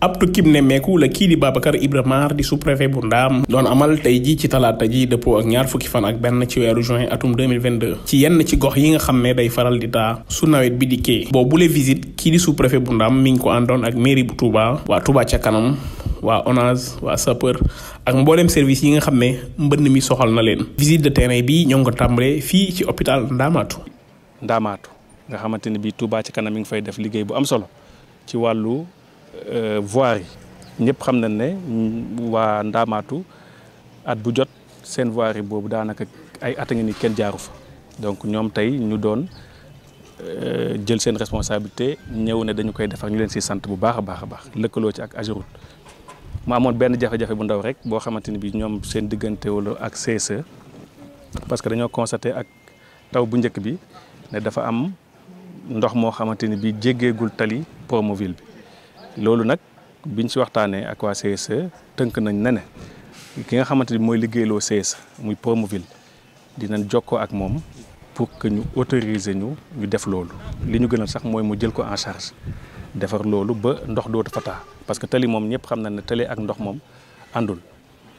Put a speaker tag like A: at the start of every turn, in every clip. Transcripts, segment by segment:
A: ab tukki nemmeeku la kii di Babacar Ibra Mar di sous-préfet bu Ndaam doon amal tey jii ci talaata ji dëppoo ak ñaar fukki fan ak benn ci weeru juin atum 2022 ci yenn ci gox yi nga xam ne day faral di taa su nawet bi dikkee boobule visite kii di sous-préfet bu Ndaam mi ngi ko àndoon ak mairie bu Touba waa Touba ca kanam waa ONAS waa sapeur ak mbooleem service yi nga xam ne mbënn mi soxal na leen visite de terrain bi ñoo ngi ko tàmbalee fii ci hôpital Ndaamaatu Ndaamaatu nga xamante ne bii Touba ci kanam mi ngi fay def liggéey bu am solo
B: Euh, voirie ñëpp xam nañ ne waa Ndaamaatu at bu jot seen voirie boobu daanaka ay at a ni kenn jaaru fa donc ñoom tey ñu doon euh, jël seen responsabilité ñëw ne dañu koy defar ñu leen si sant bu baax a baax a baax lëkkaloo ci ak Ageroute mu amoon benn jafe-jafe bu ndaw rek boo xamante ni bi ñoom seen diggante wala ak CSE parce que dañoo constaté ak taw bu njëkk bi ne dafa am ndox moo xamante ni bi jéggeegul tali Promoville bi loolu nag biñ ci waxtaanee ak waa CSE tënk nañ ne ne ki nga xamante ni mooy liggéeyloo CSE muy Promoville dinañ jokkoo ak moom pour que ñu autoriser ñu ñu def loolu. li ñu gënal sax mooy mu jël ko en charge defar loolu ba ndox dootu fa taa parce que tali moom ñëpp xam na ne tali ak ndox moom àndul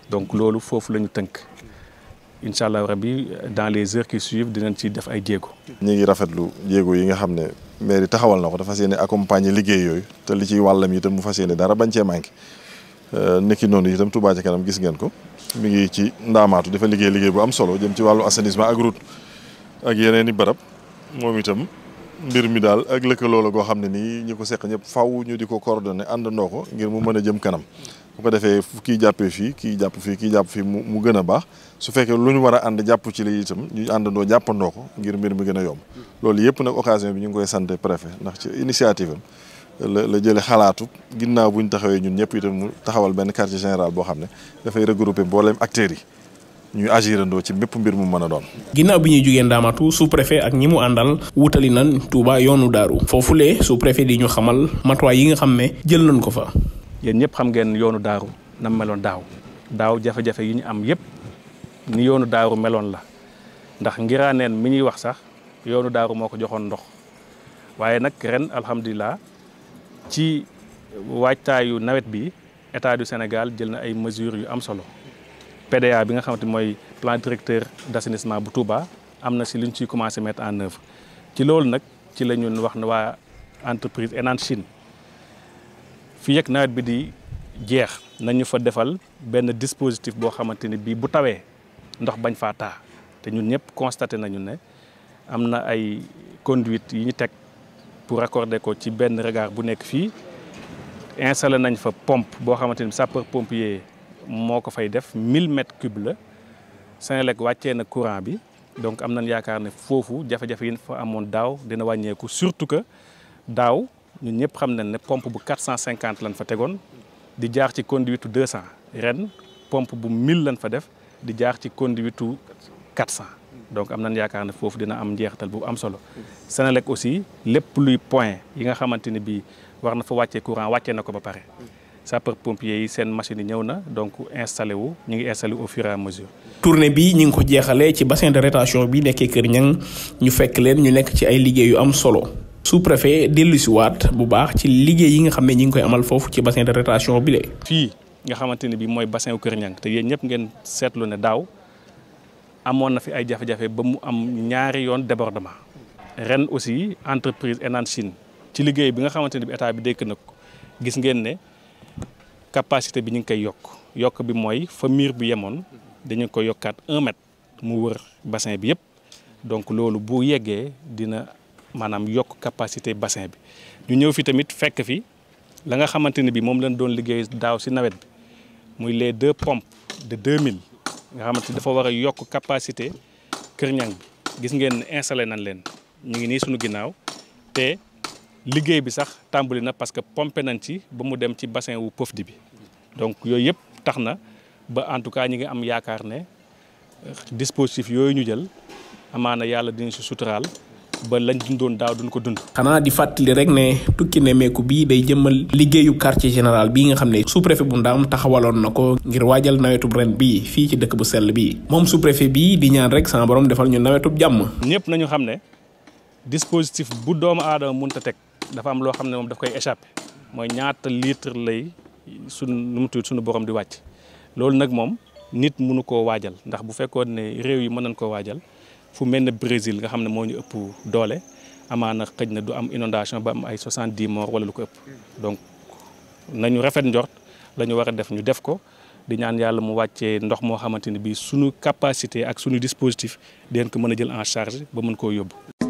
B: donc loolu foofu la ñu tënk. incha allah rabbi dans les heures qui suivent dinañ ci def ay jéego.
C: ñu ngi rafetlu jéego yi nga xam ne mais mairie taxawal na ko dafa fas yéene accompagner liggéey yooyu te li ci wàllam itam mu fas yéene dara bañ cee manqué euh, nekki noonu itam Touba Ca Kanam gis ngeen ko mi ngi ci ndaamaatu dafa liggéey liggéey bu am solo jëm ci wàllu assainissement ak route ak yeneen i barab moom itam mbir mi daal ak lëkkaloo la goo xam ne nii ñi ko seq ñëpp faw ñu di ko coordonné àndandoo ko ngir mu mën a jëm kanam bu ko defee fu jàpp fii kii jàpp fii ki jàpp fii mu mu gën a baax su fekkee lu ñu war a ànd jàpp ci li itam ñu àndandoo jàppandoo ko ngir mbir mi gën a yomb loolu yëpp nag occasion bi ñu ngi koy sant préfet ndax ci initiative am la la jële xalaatu ginnaaw bu ñu taxawee ñun ñëpp itam mu taxawal benn quartier général boo xam ne dafay regrouper
A: mboolem acteurs yi ñuy agirandoo
C: ci bépp mbir mu mën a doon.
A: ginnaaw bi ñuy jugee ndaamatu sous préfet ak ñi mu àndal wutali nan Touba yoonu daaru foofu foofulee sous préfet di ñu xamal matuwaay yi nga xam ne jël nañ ko fa. yéen ñëpp xam ngeen yoonu daaru nam meloon daaw daaw
B: jafe-jafe yi ñu am yëpp ni yoonu daaru meloon la ndax ngiraaneen mi ñuy wax sax yoonu daaru moo ko joxoon ndox waaye nag ren alhamdulilah ci waajtaayu nawet bi état du Sénégal jël na ay mesures yu am solo PDA bi nga xamante mooy plan directeur d'assainissement bu Touba am na si lu ñu ciy commencé mettre en œuvre ci loolu nag ci la ñun wax na waa entreprise Enan Chine fi ak nawet bi di jeex nañu fa defal benn dispositif boo xamante ni bii bu tawee ndox bañ faa taa te ñun ñëpp constaté nañu ne am na ay conduite yi ñu teg pour raccorder ko ci benn regard bu nekk fii installé nañ fa pomp boo xamante ni sapeur pompier moo ko fay def 1000 mètres cubes la Senelec wàccee na courant bi donc am nañ yaakaar ne foofu jafe-jafe yi fa amoon daaw dina wàññeeku surtout que daaw. ñun ñëpp xam nañ ne pompe bu 450 lañ fa tegoon di jaar ci conduite 200 ren pompe bu 1000 lañ fa def di jaar ci conduite 400 donc am nañ yaakaar ne foofu dina am njeexital bu am solo. Senelec aussi lépp luy point yi nga xamante ne bii war na fa wàccee courant wàccee na ko ba pare. sapeur pompier yi seen machine yi ñëw na donc installé wu ñu ngi
A: installé au fur et à mesure. tournée bi ñu ngi ko jeexalee ci bassin de rétention bi nekkee Kër Niang ñu fekk leen ñu nekk ci ay liggéey yu am solo. sous-préfet dellusiwaat bu baax ci liggéey yi nga xam ne ñi ngi koy amal foofu ci bassin de rétention bi le fii nga xamante ne bi mooy bassin wu Kër Ñang te yéen ñëpp
B: ngeen seetlu ne daaw amoon na fi ay jafe-jafe ba mu am ñaari yoon débordement ren aussi entreprise Enan Chine ci liggéey bi nga xamante ne bi état bi dekk nag ko gis ngeen ne capacité bi ñu ngi koy yokk yokk bi mooy fa miir bi yemoon dañu ko yokkaat un mètre mu wër bassin bi yëpp donc loolu bu yeggee dina maanaam yokk capacité bassin bi ñu ñëw fi tamit fekk fi la nga xamante ne bi moom lañ doon liggéey daaw si nawet bi muy les deux pompes de 2000 nga xamante ni dafa war a yokk capacité Kër Ñang bi gis ngeen installé nañ leen ñu ngi nii suñu ginnaaw te liggéey bi sax tàmbali na parce que pompé nañ ci ba mu dem ci bassin wu Pofdy bi donc yooyu yëpp tax na ba en tout cas ñu ngi am yaakaar ne dispositif yooyu ñu jël amaana yàlla dinañ si suturaal
A: ba lañ dundoon daaw duñ ko dund. xanaa di fàttali rek ne tukki nemmeeku bi day jëmmal liggéeyu quartier général bii nga xam ne sous-préfet bu ndaam taxawaloon na ko ngir waajal nawetub ren bii fii ci dëkk bu sell bii moom sous-préfet bii di ñaan rek sama boroom defal ñu nawetub jàmm.
B: ñëpp nañu xam ne dispositif bu doomu aadama mënut a teg dafa am loo xam ne moom daf koy échape mooy ñaata litre lay sunu nu suñu tudd di wàcc loolu nag moom nit mënu koo waajal ndax bu fekkoon ne réew yi mën nañ koo waajal. fu mel ne Brésil nga xam ne moo ñu ëpp doole amaana xëj na du am inondation ba am ay soixante-dix morts wala lu ko ëpp donc nañu rafet njor la ñu war a def ñu def ko di ñaan yàlla mu wàccee ndox moo xamante ne bii suñu capacité ak suñu dispositif den ko mën a jël en charge ba mën koo yóbbu